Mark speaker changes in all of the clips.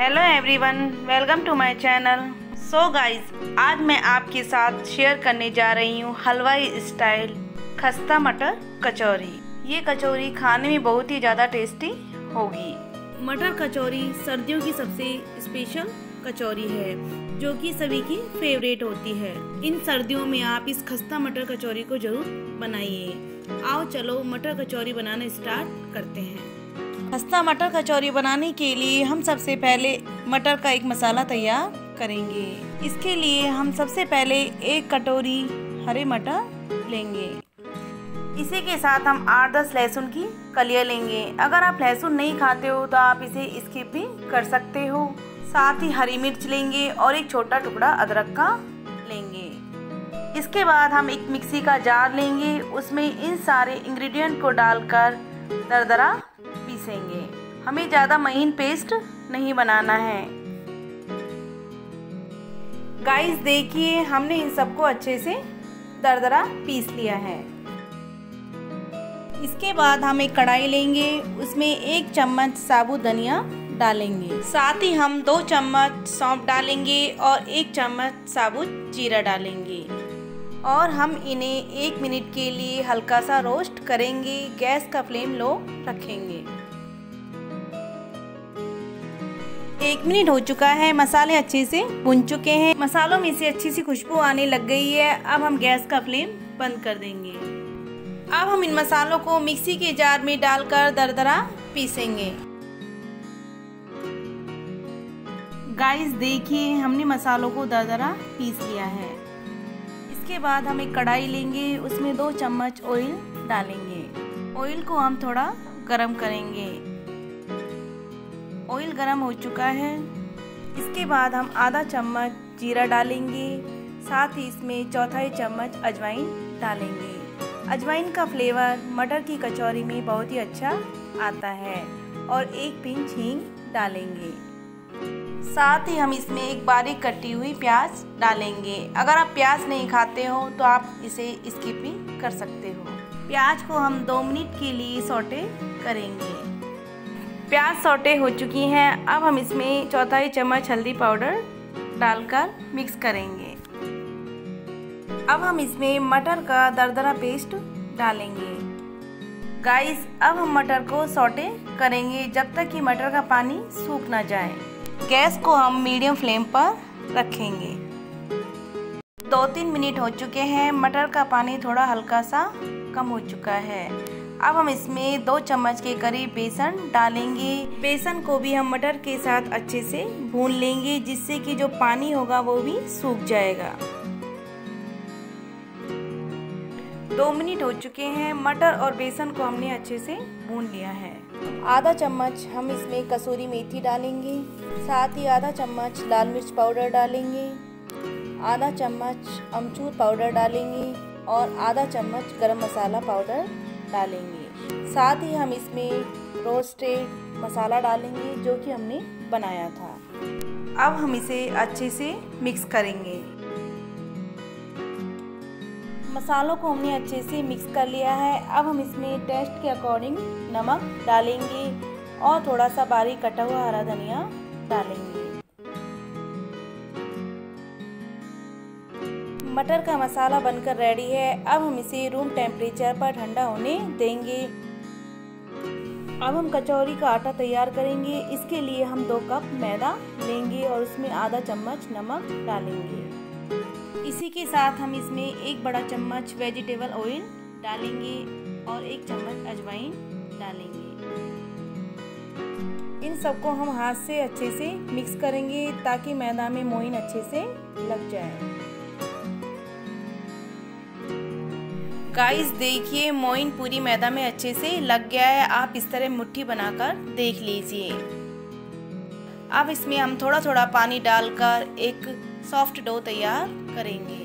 Speaker 1: hello everyone welcome to my channel so guys आज मैं आपके साथ शेयर करने जा रही हूँ हलवाई स्टाइल खस्ता मटर कचौरी ये कचौरी खाने में बहुत ही ज़्यादा टेस्टी होगी मटर कचौरी सर्दियों की सबसे स्पेशल कचौरी है जो कि सभी की फेवरेट होती है इन सर्दियों में आप इस खस्ता मटर कचौरी को ज़रूर बनाइए आओ चलो मटर कचौरी बनाना स्टार्ट करते हैं खस्ता मटर कचौरी बनाने के लिए हम सबसे पहले मटर का एक मसाला तैयार करेंगे इसके लिए हम सबसे पहले एक कटोरी हरे मटर लेंगे इसी के साथ हम आठ दस लहसुन की कलिया लेंगे अगर आप लहसुन नहीं खाते हो तो आप इसे स्किप भी कर सकते हो साथ ही हरी मिर्च लेंगे और एक छोटा टुकड़ा अदरक का लेंगे इसके बाद हम एक मिक्सी का जार लेंगे उसमें इन सारे इंग्रेडिएंट को डालकर दरदरा पीसेंगे हमें ज़्यादा महीन पेस्ट नहीं बनाना है गाइस देखिए हमने इन सबको अच्छे से दरदरा पीस लिया है इसके बाद हम एक कढ़ाई लेंगे उसमें एक चम्मच साबुत धनिया डालेंगे साथ ही हम दो चम्मच सौंप डालेंगे और एक चम्मच साबुत जीरा डालेंगे और हम इन्हें एक मिनट के लिए हल्का सा रोस्ट करेंगे गैस का फ्लेम लो रखेंगे एक मिनट हो चुका है मसाले अच्छे से भुन चुके हैं मसालों में से अच्छी सी खुशबू आने लग गई है अब हम गैस का फ्लेम बंद कर देंगे अब हम इन मसालों को मिक्सी के जार में डालकर दरदरा पीसेंगे गाइस देखिए हमने मसालों को दरदरा पीस लिया है इसके बाद हम एक कढ़ाई लेंगे उसमें दो चम्मच ऑयल डालेंगे ऑयल को हम थोड़ा गरम करेंगे ऑयल गर्म हो चुका है इसके बाद हम आधा चम्मच जीरा डालेंगे साथ ही इसमें चौथाई चम्मच अजवाइन डालेंगे अजवाइन का फ्लेवर मटर की कचौरी में बहुत ही अच्छा आता है और एक पिंच हींग डालेंगे साथ ही हम इसमें एक बारीक कटी हुई प्याज डालेंगे अगर आप प्याज नहीं खाते हो तो आप इसे स्किप भी कर सकते हो प्याज को हम दो मिनट के लिए सोटे करेंगे प्याज सोटे हो चुकी हैं अब हम इसमें चौथाई चम्मच हल्दी पाउडर डालकर मिक्स करेंगे अब हम इसमें मटर का दरदरा पेस्ट डालेंगे गाइस अब हम मटर को सोटे करेंगे जब तक कि मटर का पानी सूख ना जाए गैस को हम मीडियम फ्लेम पर रखेंगे दो तीन मिनट हो चुके हैं मटर का पानी थोड़ा हल्का सा कम हो चुका है अब हम इसमें दो चम्मच के करीब बेसन डालेंगे बेसन को भी हम मटर के साथ अच्छे से भून लेंगे जिससे कि जो पानी होगा वो भी सूख जाएगा दो मिनट हो चुके हैं मटर और बेसन को हमने अच्छे से भून लिया है आधा चम्मच हम इसमें कसूरी मेथी डालेंगे साथ ही आधा चम्मच लाल मिर्च पाउडर डालेंगे आधा चम्मच अमचूर पाउडर डालेंगे और आधा चम्मच गरम मसाला पाउडर डालेंगे साथ ही हम इसमें रोस्टेड मसाला डालेंगे जो कि हमने बनाया था अब हम इसे अच्छे से मिक्स करेंगे मसालों को हमने अच्छे से मिक्स कर लिया है अब हम इसमें टेस्ट के अकॉर्डिंग नमक डालेंगे और थोड़ा सा बारीक कटा हुआ हरा धनिया डालेंगे मटर का मसाला बनकर रेडी है अब हम इसे रूम टेम्परेचर पर ठंडा होने देंगे अब हम कचौरी का आटा तैयार करेंगे इसके लिए हम दो कप मैदा लेंगे और उसमें आधा चम्मच नमक डालेंगे इसी के साथ हम इसमें एक बड़ा चम्मच वेजिटेबल ऑयल डालेंगे और एक चम्मच अजवाइन डालेंगे इन सबको हम हाथ से अच्छे से मिक्स करेंगे ताकि मैदा में मोइन अच्छे से लग जाए गाइस देखिए मोइन पूरी मैदा में अच्छे से लग गया है आप इस तरह मुट्ठी बनाकर देख लीजिए अब इसमें हम थोड़ा थोड़ा पानी डालकर एक सॉफ्ट डो तैयार करेंगे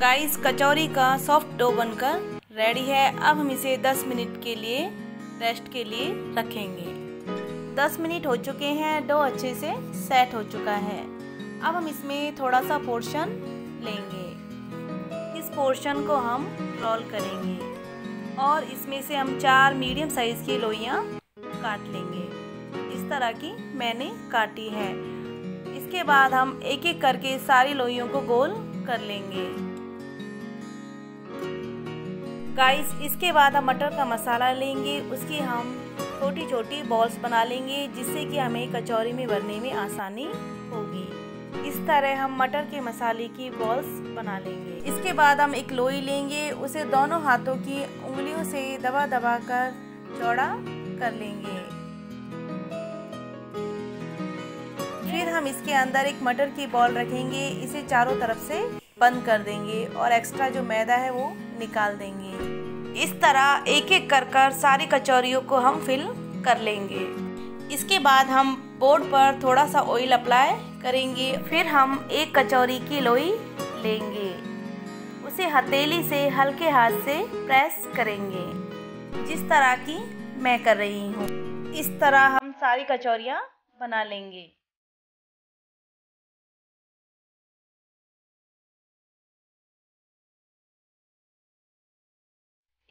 Speaker 1: गाइस कचौरी का सॉफ्ट डो बनकर रेडी है अब हम इसे 10 मिनट के लिए रेस्ट के लिए रखेंगे 10 मिनट हो चुके हैं डो अच्छे से सेट हो चुका है अब हम इसमें थोड़ा सा पोर्शन लेंगे इस पोर्शन को हम रोल करेंगे और इसमें से हम चार मीडियम साइज़ की लोइयाँ काट लेंगे इस तरह की मैंने काटी है इसके बाद हम एक एक करके सारी लोइयों को गोल कर लेंगे गाइस इसके बाद हम मटर का मसाला लेंगे उसकी हम छोटी छोटी बॉल्स बना लेंगे जिससे कि हमें कचौरी में भरने में आसानी होगी इस तरह हम मटर के मसाले की बॉल्स बना लेंगे इसके बाद हम एक लोई लेंगे उसे दोनों हाथों की उंगलियों से दबा दबा कर चौड़ा कर लेंगे फिर हम इसके अंदर एक मटर की बॉल रखेंगे इसे चारों तरफ से बंद कर देंगे और एक्स्ट्रा जो मैदा है वो निकाल देंगे इस तरह एक एक कर कर सारी कचौरियों को हम फिल कर लेंगे इसके बाद हम बोर्ड पर थोड़ा सा ऑयल अप्लाई करेंगे फिर हम एक कचौरी की लोई लेंगे उसे हथेली से हल्के हाथ से प्रेस करेंगे जिस तरह की मैं कर रही हूँ इस तरह हम सारी कचौरियाँ बना लेंगे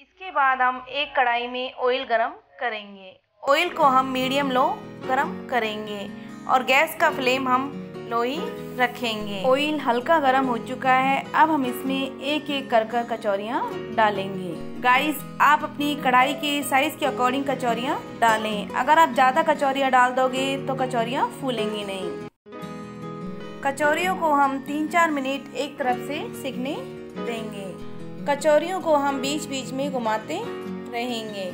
Speaker 1: इसके बाद हम एक कढ़ाई में ऑयल गरम करेंगे ऑयल को हम मीडियम लो गरम करेंगे और गैस का फ्लेम हम लोई रखेंगे ऑयल हल्का गर्म हो चुका है अब हम इसमें एक एक कर कर कचौरियाँ डालेंगे गाइस आप अपनी कढ़ाई के साइज के अकॉर्डिंग कचौरियाँ डालें अगर आप ज़्यादा कचौरियाँ डाल दोगे तो कचौरियाँ फूलेंगी नहीं कचौरियों को हम तीन चार मिनट एक तरफ से सिकने देंगे कचौरियों को हम बीच बीच में घुमाते रहेंगे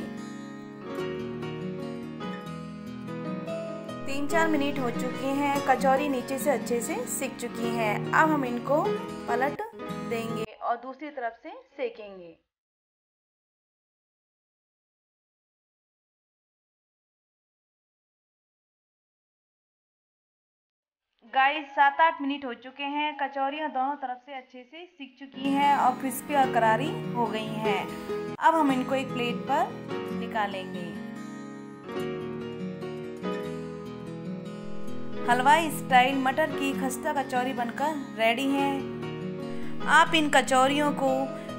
Speaker 1: तीन चार मिनट हो चुके हैं कचौरी नीचे से अच्छे से सीख चुकी है अब हम इनको पलट देंगे और दूसरी तरफ से सेकेंगे गाइस सात आठ मिनट हो चुके हैं कचौरियाँ दोनों तरफ से अच्छे से सीख चुकी हैं और क्रिस्पी और करारी हो गई हैं अब हम इनको एक प्लेट पर निकालेंगे हलवाई स्टाइल मटर की खस्ता कचौरी बनकर रेडी है आप इन कचौरियों को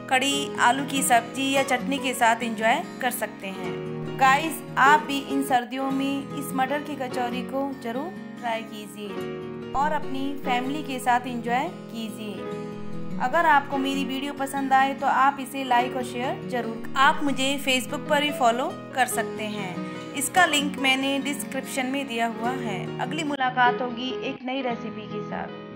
Speaker 1: कड़ी आलू की सब्जी या चटनी के साथ एंजॉय कर सकते हैं गाइस आप भी इन सर्दियों में इस मटर की कचौरी को ज़रूर ट्राई कीजिए और अपनी फैमिली के साथ एंजॉय कीजिए अगर आपको मेरी वीडियो पसंद आए तो आप इसे लाइक और शेयर जरूर आप मुझे फेसबुक पर ही फॉलो कर सकते हैं इसका लिंक मैंने डिस्क्रिप्शन में दिया हुआ है अगली मुलाकात होगी एक नई रेसिपी के साथ